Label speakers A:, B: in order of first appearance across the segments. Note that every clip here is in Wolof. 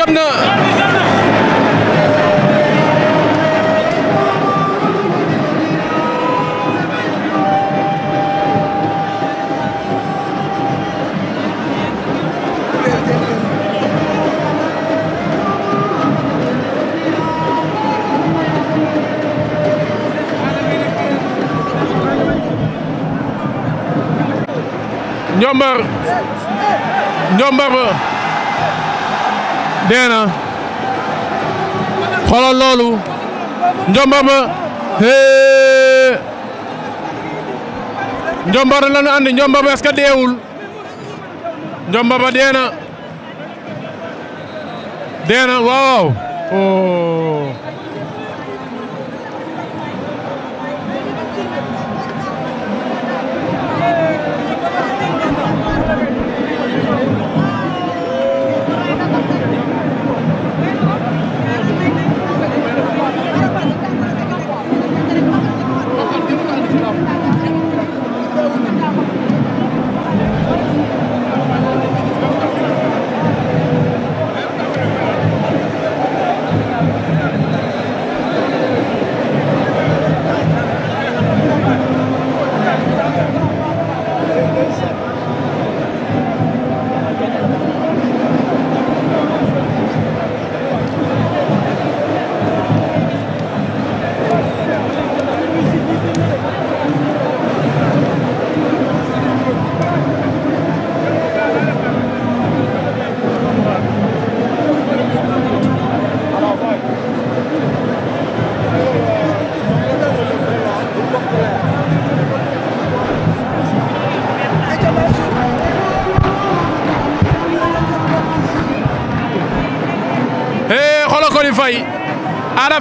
A: jot na Njombar Njombar ba dee na xoolal loolu njombar ma hee njombar la ñu andi njombar ma est deewul njombar ma dee na dee na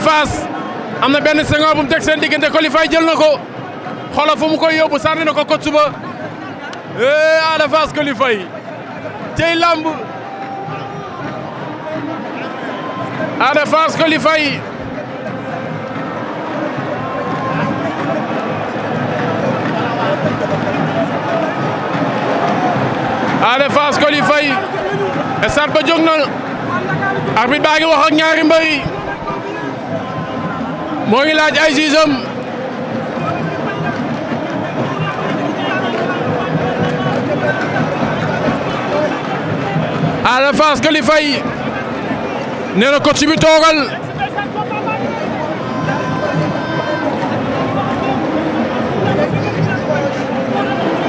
A: face am na benn sengoor bu diggante Colifay jël na ko xoolal mu koy yóbbu sànni na ko kot suba eh Ada Fass Colifay tey lamb Ada Fass Colifay Ada Fass ba jóg na arbitre baa ngi wax ak ñaari mbër moo ngi laaj ay siisam Ada Fass Coly Faye nee na coach bi toogal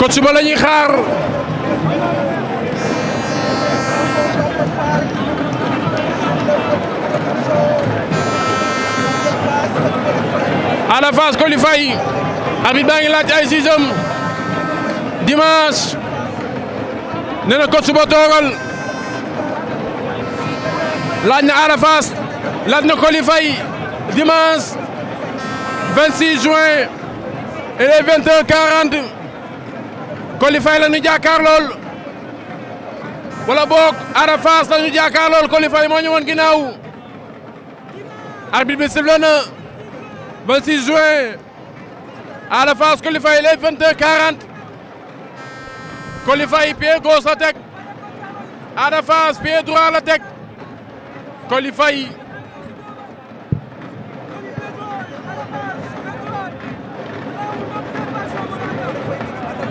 A: coach ba la ñuy xaar Ada Fass Coly Faye baa ngi laaj ay sixième dimanche nee na coach toogal laaj na Ada Fass na Coly Faye dimanche 26 juin il est 20h40 Coly Faye la ñu jàkkaar lool wala boog Ada Fass la lool Coly Faye moo ñu woon ginnaaw arbitre ba 6 juin à la phase qualifiée les 22 la teg à la droit la teg qualifiée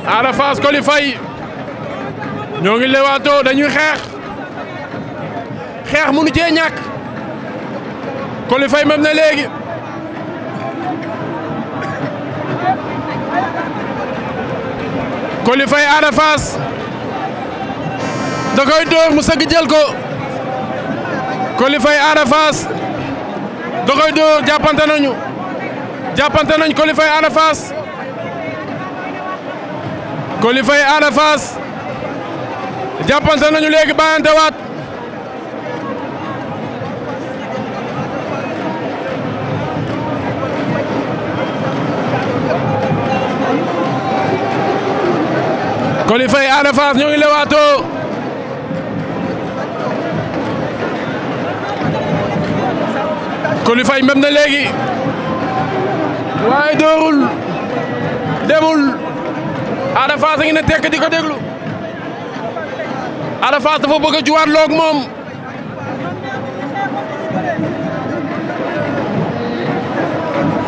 A: à la ñoo ngi lewaatoo dañuy xeex xeex mënu cee ñàkk qualifiée même na léegi. Coly Faye Ada Fass dóor mu sëgg jël ko Coly Faye Ada dóor jàppante nañu jàppante nañ Coly Faye Ada Fass Coly Faye Ada Fass waat Coly Faye Ada Fass ñoo ngi lewaatoo Coly Faye léegi waaye doorul demul Ada Fass a ngi ne tekk di ko déglu Ada Fass dafa bëgg a loog moom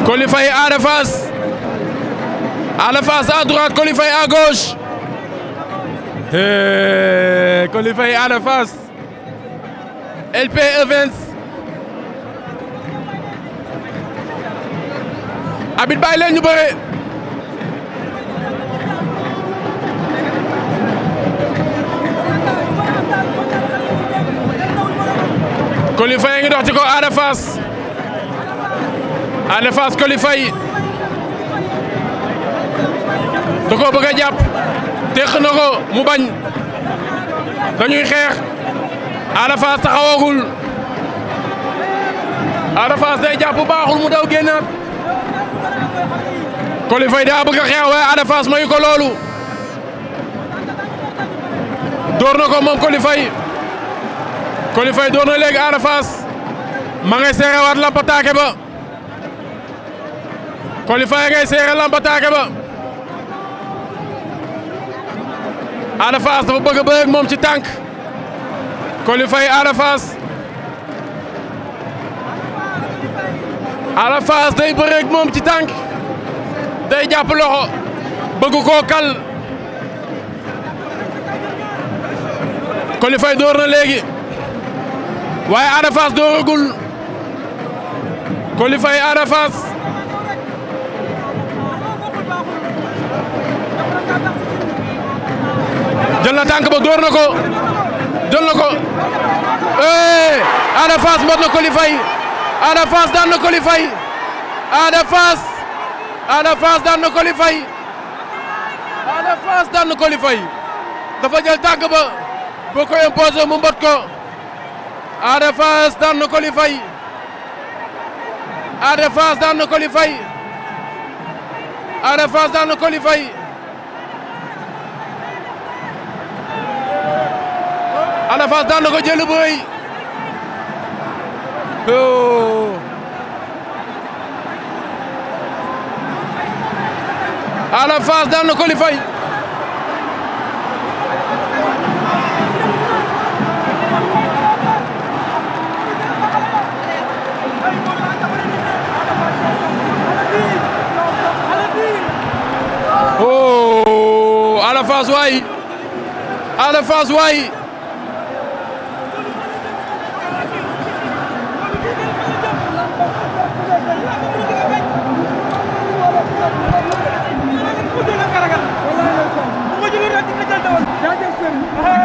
A: Coly Faye Ada Fass Ada Fass à droite Coly Faye Ada Fass LP Events abit bàyyi leen ñu bëre Coly Faye ngi dox ci ko jàpp téq na ko mu bañ dañuy xeex Ada Fass taxawagul Ada Fass day jàpp baaxul mu daw génnaat Coly Faye daa bëgg xeex waaye Ada mayu ko loolu door na ko moom Coly Faye Coly Faye door na léegi Ada Fass ma ngay ba Coly Faye ngay seere lampataake ba Ada Fass dafa bëgg a bëre ak moom ci tànk Coly Faye Ada Fass Ada Fass day bëre ak moom ci tànk day jàpp loxo bëgg koo kal Coly Faye door na léegi waaye Ada Fass dooragul Coly Faye Ada Fass jël na tànk ba dóor na ko jël na ko Ada Fass mbot na Coly Faye Ada Fass daan na Coly Faye Ada Fass Ada Fass daan na Coly Faye Ada Fass daan na Coly Faye dafa jël tànk ba boo koy imposé mu mbot ko Ada Fass daan na Coly Faye Ada Fass daan na Coly Faye Ada Fass daan na Coly Faye Ada Fass daan na ko jël bu rëy oh. Ada Fass daan na Coly Faye oh. Ada Fass waay Ada Fass waay sëriñ